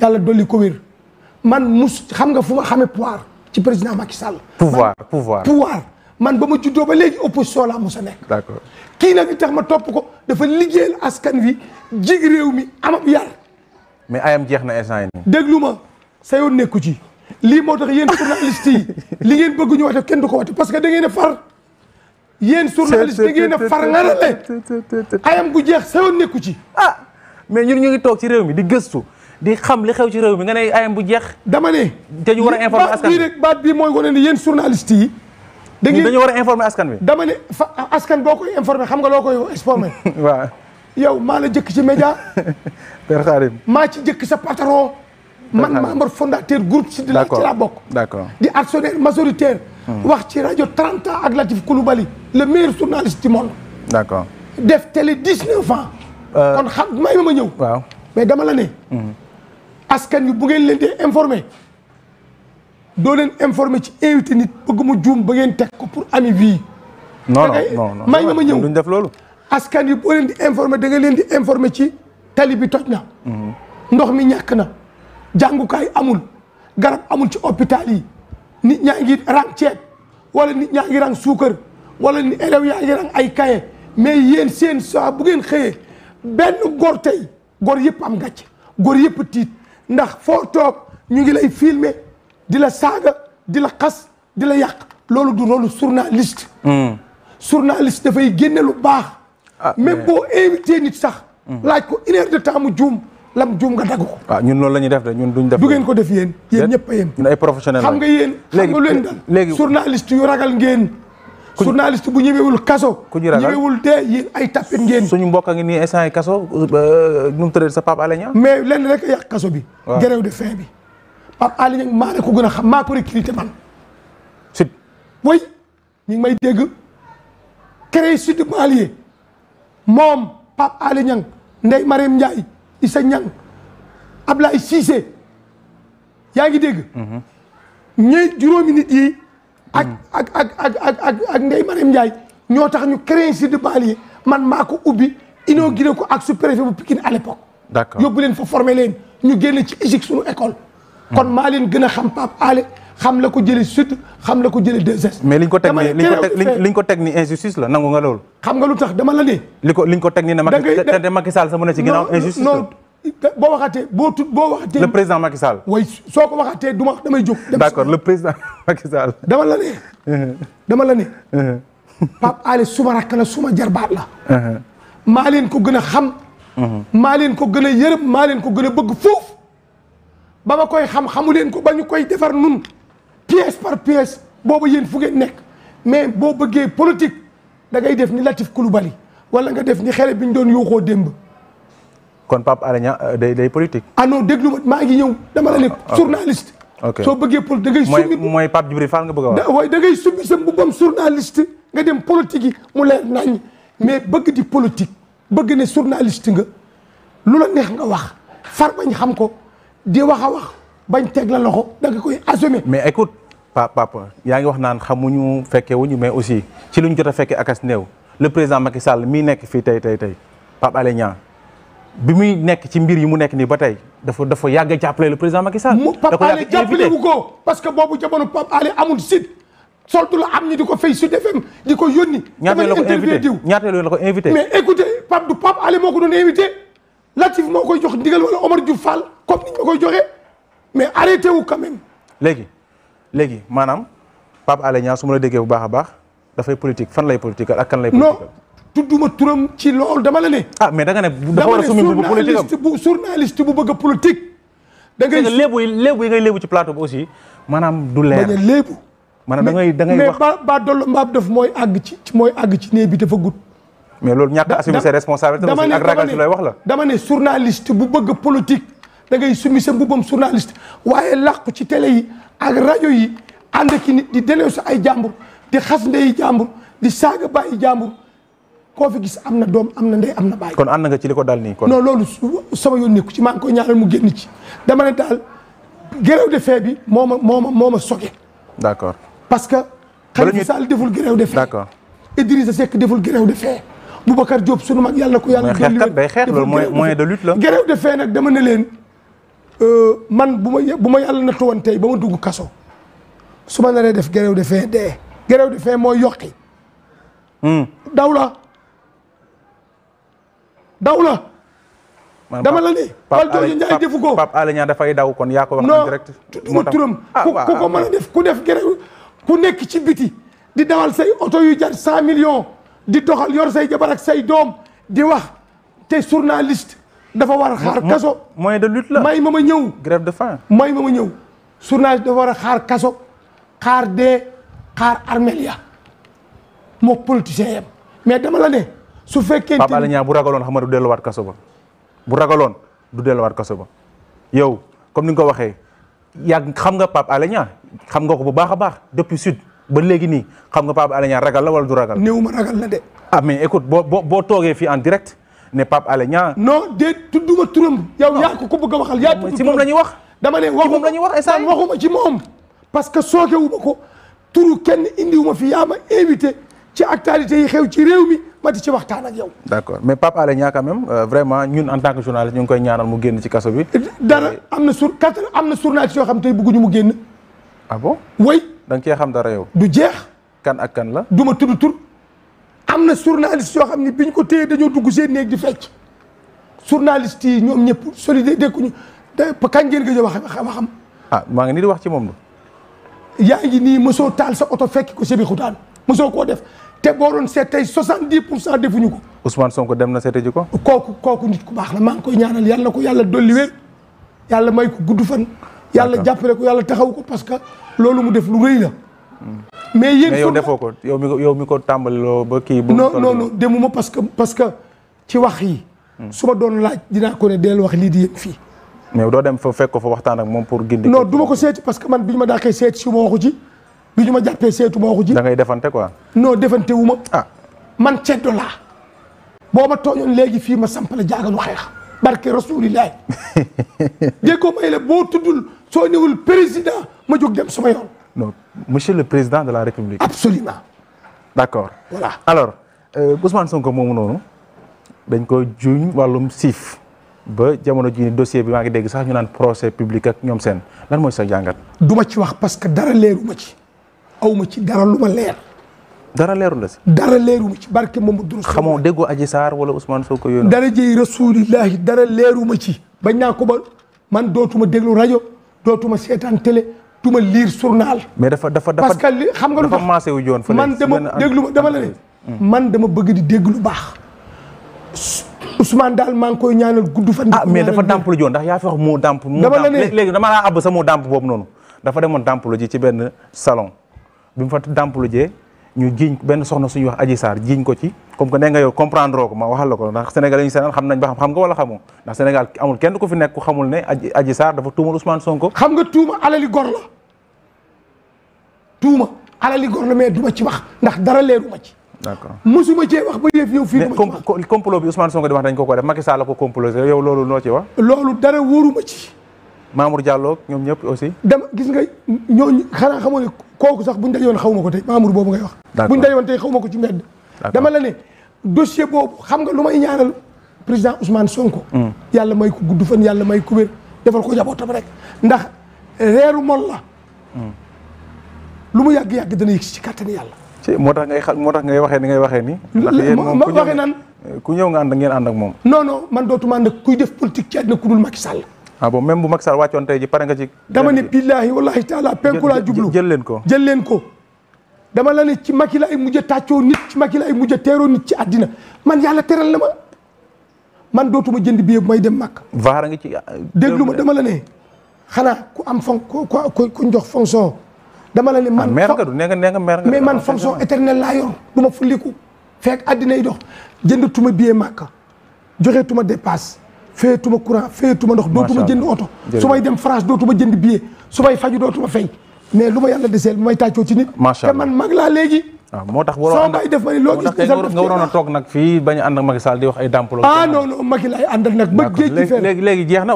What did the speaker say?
yàlla dolli ko wér man mus xam nga fu ma xamee pouvoir ci président Macky Sall. pouvoir pouvoir pouvoir man ba ma juddoo ba léegi opposition laa mos a nekk. d'accord kii nag li ma topp ko dafa liggéeyal askan wi jig réew mi amab yar. mais ayam jeex na instant yii. déglu ma sa yoon nekku ci lii moo tax yéen journaliste yi li ngeen bëgg ñu wate kenn du ko wate parce que da ngeen a far. yéen journaliste da ngeen a far ngarale ayam gu jeex sa yoon nekku ci. ah mais ñun ñu ngi toog ci réew mi di gëstu. di xam li xew ci réew mi nga ne ayam bu jeex. dama ne. te ñu war a informer askan bi rek baat bii mooy wane ne yéen journaliste yi. da ngeen war a bi dama ne askan boo koy informer xam nga loo koy informer. waaw yow maa la jëkk ci média. Père Khadim maa ci jëkk sa patron. man membre fondateur group Sud la ci laa bokk. d'accord di actionnaire majoritaire. Hmm. wax ci rajo 30 ans ak Latif Coulibaly le meilleur journaliste du monde. d'accord def télé 19 ans. Euh, kon xam may ma ma ñëw. waaw mais dama la ne. Hmm. askan wi bu ngeen leen dee informé doo leen informé ci invité nit bëgg mu juum ba ngeen teg ko pour ami vie. non non non may ma ma ñëw duñ def loolu. askan wi boo di informé da nga leen di informé ci tali bi toj na. Mhm. ndox mi ñàkk na. jàngukaay amul garab amul ci hôpital yi nit ñaa ngi rang ceeb wala nit ñaa ngi rang suukar wala ni élèves yaa ngi ay kaye mais yéen seen saa bu ngeen xëyee benn góor tey góor yëpp am gàcc góor yëpp tiit. ndax foo toog ñu ngi lay filmer di la saaga di la xas di la yàq loolu du rôle journaliste. Hmm. journaliste dafay génne lu baax. Ah, même boo invité nit sax. Hmm. laaj ko une heure de temps mu juum lam juum nga dagg ko. waaw ah, ñun loolu la ñuy def de ñun duñ def. du ngeen ko def yéen yéen ñëpp a yéen. ñun ay professionnels nga yéen. léegi xam nga leen dal journaliste yu ragal ngeen. journaliste bu ñëwewul kaso ku ñu ragal ay tappit ngeen suñu mbokk a ngi nii instant yi kaso euh, euh, nu mu sa Pape Alé Niang mais lenn kaso bi grève de faim bi Pape Alé la ko gën a xam maa ko recruté man sud way ñu ngi may dégg créé sud malier moom Pape Alé Niang Ndeye Mariam Ndiaye Issa Niang Ablaye Cissé yaa ngi dégg mhm. ñooy juróomi nit yi ak ak ak ak ak ak ak Ndeye Mariam ñoo tax ñu créé jeu de banlieue man maa ubbi inauguré ko ak sous-préfet bu Pikine à l'époque d'accord yóbbu leen fa formé leen ñu génn ci égique suñu école hmm. kon maa leen a xam Pape Alé xam la ko jële sud xam la ko jële deux mais liñ ko teg ni liñ injustice la nangu nga loolu xam nga lu tax dama la ne li ko liñ ko teg ni ne Macky Sall sa mën a ci injustice la boo waxatee boo tu boo waxatee. le président Macky Sall. way soo ko waxatee du ma damay jóg. d' accord le président Macky Sall. dama la ne. Uh-huh. dama la ne. Uh-huh. Pape Alé suma rakk la suma jarbaat la. Uh-huh. maa leen ko gën a xam. maa leen ko gën a yërëm maa leen ko gën a bëgg foofu. ba ma koy xam xamu leen ko ba ñu koy defar nun pièce par pièce boobu yéen fu nekk mais boo bëggee politique da ngay def ni Latif Coulibaly wala nga def ni xele bi ñu doon yuuxoo démb. kon Pape Alé Niang euh, day day ano ah déglu maa ngi ñëw dama la ne ah, journaliste. soo bëggee pol da ngay. summi mooy mooy Pape Djibril nga bëgg a wax. waaye da ngay summi sa mbubbam journaliste nga dem politique yi mu leer nañ mais bëgg di politique bëgg ne journaliste nga lu la neex nga wax far bañ xam ko di wax a bañ teg la loxo da nga koy assumer. mais écoute papa papa yaa ngi wax naan xamuñu fekke wuñu mais aussi ci luñ jot a fekkee akas new le président Macky Sall mii nekk fii tey tey tey Pape Alé bi muy nekk ci mbir yi mu nekk nii ba tey dafa dafa yàgg a jàppale le président Macky Sall. da ko yàgg ko parce que boobu jamono Pape Alé amul site. soltu la am ñi di ko fay su FM di ko yónni. ñaata la ko invité ñaata la ko invité. mais écoutez Pape du Pape Alé moo ko doon invité Latif moo koy jox ndigal wala Omar Diouf Fall comme ni ñu koy joxee mais arrêté wu quand léegi léegi maanaam Pape Alé Niang su ma la déggee bu baax a baax dafay politique fan lay politique ak kan lay. tudduma turam ci loolu dama la ne. ah ne dafa a summi bu politique am bu journaliste bu bëgg a politique. da yi ngay maanaam du leer. maanaam da ngay da ngay wax mais ba ba dollo mbaab mooy àgg ci mooy àgg ci nee bi mais loolu ñàkk a assumer ses responsabilités aussi ak ragal ci looy wax la. dama ne journaliste bu bëgg politique da ngay summi sa mbubbam journaliste waaye làqu ci télé yi ak rajo yi and ki nit di delew sa ay jàmbur di xas ndeyi jàmbur di saaga bàyyi jàmbur. koo fi gis am na doom am na ndey am na baay. kon ànd nga ci li ko dal nii kon. non loolu sama yoon nekku ci maa ngi koy ñaanal mu génn ci dama ne daal grève de bi moo ma moo ma moo ma soge. accord parce que. Khalifa Sall deful grève de faim. d' accord Idrissa Seck deful grève de faim. Boubacar Diop sunu mag yàlla ko yàlla. xeex kat bay xeex loolu moyen de lutte la. grève de faim nag dama ne leen euh, man bu ma bu ma yàlla nattu woon ba ma dugg kaso su ma naree def grève de faim dee. grève de faim mooy yokki. Hmm. daaw daw la. dama la ne. Pape Alé Pape Alé Niang dafay daw kon yaa ko wax. en direct moo tax turam ah, ku ko mën a def ku def gerte ku nekk ci biti. di dawal say oto yu jar cent millions di doxal yor say jabar ak say doom di wax te journaliste. dafa war a xaar kaso. moyen de lutte la may ma ma ñëw. grève de faim may ma ma ñëw. journaliste dafa war a xaar kaso xaar dee xaar armelia moo politicien yam mais dama la ne. su fekkee Pape Alé Niang bu ragaloon xam nga du delluwaat bu ragaloon du delluwaat kaso ba yow comme ni nga ko waxee yàgg xam nga Pape Alé ñaa xam nga ko bu baax a baax depuis sud ba léegi nii xam nga Pape Alé Niang ragal la wala du ragal. néew ma ragal la de. ah mais écoute boo boo toogee fi en direct ne Pape Alé Niang. non déet tudduma turam. yow yaa ko ko bëgg a waxal yaa tudd ci moom la ñuy wax. dama ne waxuma ci moom la ñuy wax instant waxuma ci moom. parce que sookewu ma ko turu kenn indiwuma fi yaa ma invité ci actualité yi xew ci réew mi. ma di ci waxtaan ak yow. d' mais Pape Alé Niang quand euh, vraiment ñun en tant que journaliste koy ñaanal mu génn ci kaso bi. dara am na sur quatre am na journaliste yoo xam tey bëgguñu mu génn. ah bon oui. da nga cee xam dara yow. du jeex. kan ak kan la. du ma tur. am na journaliste yoo xam ne biñ ko téye dañoo dugg seen néeg di fecc journaliste yi ñoom ñëpp solidaire dégguñu ba kañ ngeen gëj a wax ah maa ngi nii di wax ci moom la. yaa ngi nii mosoo taal sa oto fekk ko Sébikotane mosoo koo def te boo doon seet tey soixante dix pour cent defuñu ko. Ousmane Sonko dem na seete ji ko. kooku kooku nit ku baax na maa ngi koy ñaanal yàlla ko yàlla dolli wér yàlla may ko gudd fan. yàlla jàppale ko yàlla taxaw ko parce que loolu mu def lu rëy la. mais yéen mais yow defoo ko yow mi ko yow mi ko tàmbaliloo ba kii. bu non non non demuma parce que parce que ci wax yi. Hmm. su ma doon laaj dinaa ko ne deel wax lii di yéen fii. mais doo dem fa fekk ko fa waxtaan ak moom pour. gindi non du ko seeti parce man bi ñu ma dàqee seeti si ma waxu ci. bi ñu ma jàppee seetu ma waxu ji. da ngay defante quoi. noo defante wu ma. ah man ceddo laa. boo ma tooñoon léegi fii ma sampale jaagalu xeex. barke rasulillahi déggoo may la boo tuddul soo newul président ma jóg dem sama yoon. monsieur le président de la république. absolument d' accord. voilà alors euh, Ousmane Sonko moomu noonu dañ ko juñ wàllum siif ba jamono jii dossier bi maa ngi dégg sax ñu naan procès public ak ñoom seen lan mooy sa jàngat. du ma ci wax parce que dara leeruma ci. awma ci dara lu ma leer. dara leerul la si. dara leeruma ci barke moom Duru. xamoo déggoo Adji Sarr wala Ousmane Sonko yooyu. dara jëy rasulillahi dara leeruma ci. bañ naa ko ba man dootuma déglu rajo dootuma seetaan télé tuma liir journal. mais dafa dafa dafa parce que li xam nga dafa maase wu joon man dama déglu ma dama la ne. Hmm. man dama bëgg di dégg lu baax. Ousmane daal maa ngi koy ñaanal gudd fan. ah mais dafa dàmp lu joon yaa fi wax moo dàmp. dama la léegi dama laa àbb sa dàmp boobu noonu. dafa dàmp lu ji ci benn salon. bi mu fa dàmpalu jee ñu jiiñ benn soxna suñuy wax aji Sarr jiiñ ko ci comme que nee nga yow comprendre ko ma waxal la ko ndax Sénégal yi ñu seetaan xam nañ ba xam nga wala xamoo ndax amul kenn ku fi nekk ku xamul ne Adji Sarr dafa tuumal Ousmane Sonko. xam nga tuuma alali gor la tuuma alali gor la mais ma ci wax ndax dara leeru ma ci. d'accord mosuma cee wax ba yëf yow fii du ma ci wax complot bi Ousmane Sonko di wax ko ko def Macky Sall la ko comploté yow loolu noo ci wax. loolu dara wóoruma ci. Mamour Diallo ñoom ñëpp aussi. dem gis nga ñooñu xanaa xamoo ne kooku sax buñ dajoon xaw ma ko tey Mamour boobu ngay wax. d'accord buñ dajoon tey xaw ma ko ci mbedd. dama la ne dossier boobu xam nga lu may ñaanal président Ousmane Sonko. Mm. yàlla may ko gudd fan yàlla may ko wér defal ko tam rek ndax reeru mol mm. lu mu yàgg yàgg dana yëg ci kàttani yàlla. ci moo tax ngay xa moo tax ngay waxee ni ngay waxee ni ndax yéen moom ku ñëw ma waxee nan. ku ñëw nga ànd ngeen ànd moom. non man dootuma ànd kuy def politique ci àddina ku dul Macky Sall. ah bon même bu Macky Sall wàccoon tey ji pare nga ci. dama ne billahi wallahi taala penku laa jublu jël leen ko jël leen ko. dama la ne ci Macky la ay mujj a tàccoo nit ci Macky la ay mujj a teeroo nit ci àddina man yàlla teral na ma man dootuma jënd billet bu may dem Makka. vaara nga ci ah, déglu ma dama la ne. xanaa ku am fon ku ku ku njox fonction dama la ne man. Ah, mer nga du ne nga ne nga mer mais man fonction ah, éternelle laa yor du ma fek fekk àddina yi dox jëndatuma billet Makka tuma dépasse. fayatuma courant fayatuma ndox dootuma jënd oto su may dem France dootuma jënd billet su may faju dootuma fay mais lu ma yàlla deseel may tàccoo ci nit te man mag laa léegi waaw ah, moo tax waroo ànd ak def ma ni loo gis nga waroon a toog nag fii bañ a ànd ak Macky Sall di wax ay dàmpaloo ah non non Macky nag ba géej gi léegi léegi jeex na